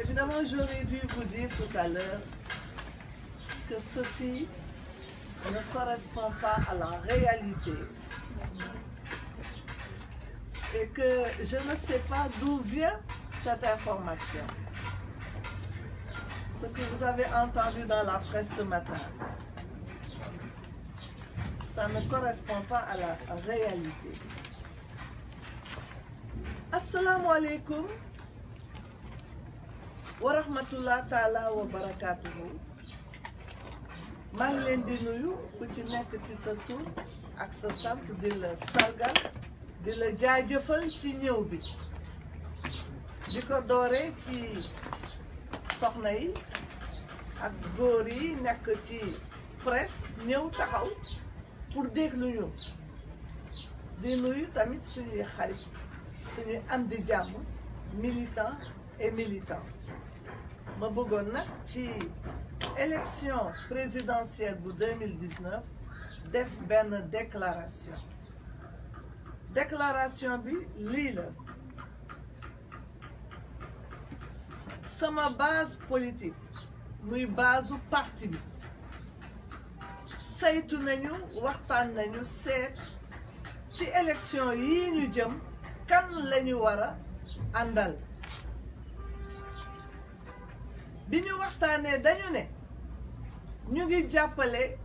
Évidemment, j'aurais dû vous dire tout à l'heure que ceci ne correspond pas à la réalité et que je ne sais pas d'où vient cette information. Ce que vous avez entendu dans la presse ce matin, ça ne correspond pas à la réalité. Assalamu alaikum wa rahmatullah wa barakatuhu. maa leen di nuyu ku ci nekk ci sa tur ak sa sant di la sargal di la jaajëfal ci ñëw bi di ko dooree ci soxna yi ak góor yi nekk ci presse ñëw taxaw pour déglu ñu di nuyu tamit suñuy xarit suñuy am di jàmm militant et militante ma bëggoon nag ci élection présidentielle de 2019 def une déclaration déclaration bi lii la sama base politique muy base parti bi saytu nañu que nañu seet ci élection yi ñu jëm kan la wara andal. bi ñu waxtaanee dañu ne nous avons appelé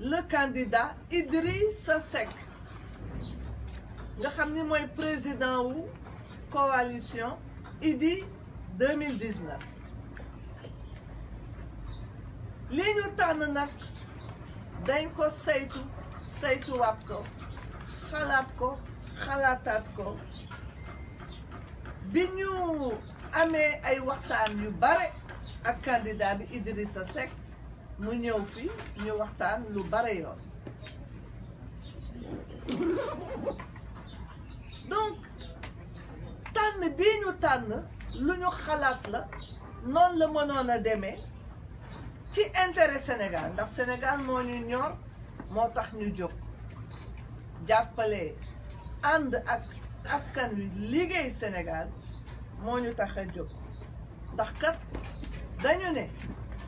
le candidat Idriss Sek, nga avons ni président wu coalition IDI 2019 Nous avons na, nag dañ nous avons saytuwaat ko xalaat ko xalaataat ko Nous avons appelé ay candidat Idriss Sek. mu ñëw fii ñu waxtaan lu bare yoon donc tànn bii ñu tànn lu ñu xalaat la noonu la mënoon a demee ci intérêt Sénégal ndax Sénégal moo ñu ñor moo tax ñu jóg jàppale ànd ak askan wi liggéey Sénégal moo ñu tax a jóg ndax kat dañu ne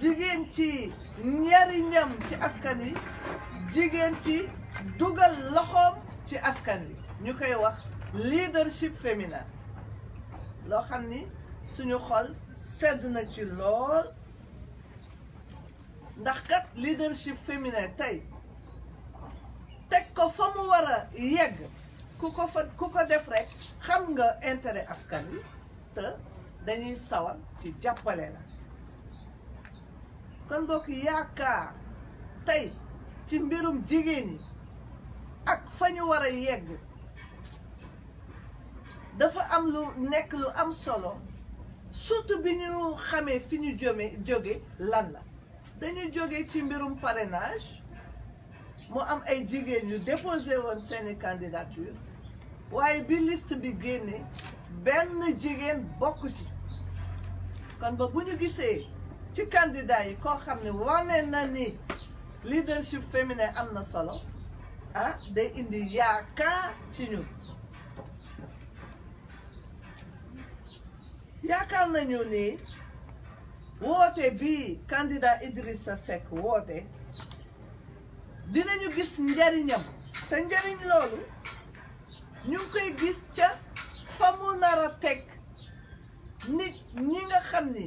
jigéen ci njariñam ci askan wi jigéen ci dugal loxoom ci askan wi ñu koy wax leadership féminin loo xam ni suñu xol sedd na ci lool ndax kat leadership féminin tey teg ko fa mu war yegg ku ko fa ku ko def rek xam nga intere askan wi te dañuy sawar ci jàppale la nandoki yaakaar tey ci mbirum jigéen ñi ak fa ñu war a yegg dafa am lu nekk lu am solo surtout bi ñu xamee fi ñu jome jóge lan la dañu jóge ci mbirum parrainage mo am ay jigéen ñu déposé woon seeni candidature waaye bi liste bi génne benn jigéen bokk ci kon ba bu ñu ci candidat yi koo xam ne wane na ni leadership féminin am na solo ah day indi yaakaar ci ñun yaakaar nañu ni woote bi candidat Idrissa Seck woote dinañu gis njariñam te njariñ loolu ñu koy gis ca fa mu nar a teg nit ñi nga xam ni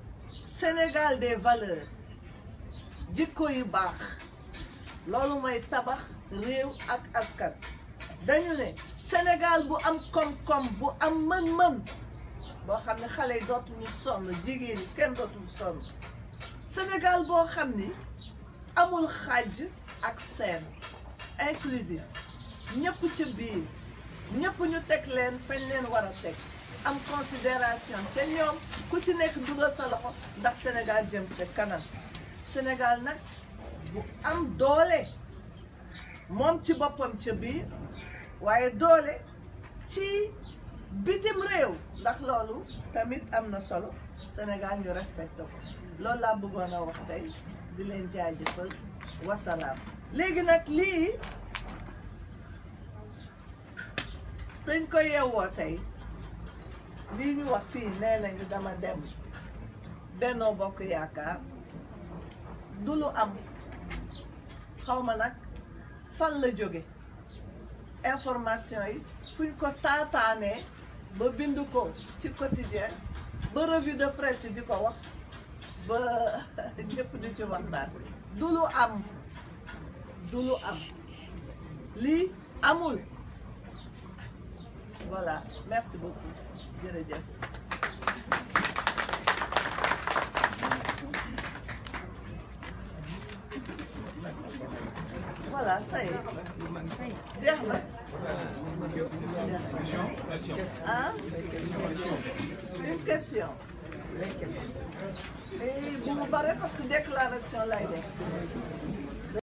Sénégal de valeur jikko yu baax loolu mooy tabax réew ak askan dañu ne Sénégal bu am koom-koom bu am mën-mën boo xam ne xale yi dootuñu sonn jigéen yi kenn dootuñu sonn Sénégal boo xam ni amul xaj ak seen inclusif ñëpp ci biir ñëpp ñu teg leen fañ leen war a teg am considération te ñoom ku ci nekk dugal sa loxo ndax Sénégal jëm te kanam Sénégal nag bu am doole moom ci boppam ca biir waaye doole ci bitim réew ndax loolu tamit am na solo Sénégal ñu respecté ko loolu laa bëggoon a wax tey di leen jaajëfal wasalaam léegi nag lii dañ ko yeewoo tey lii ñu wax fii nee nañu dama dem Benno Bokk Yaakaar du lu am xaw ma nag fan la jóge information yi fuñ ko taataanee ba bind ko ci quotidien ba revue de presse yi di ko wax ba ñëpp di ci waxtaan du lu am du lu am lii amul Voilà, merci beaucoup. bien. voilà ça y est. Dernière Question. une question. Hein? une question. et vous me parlez parce que déclaration là, est.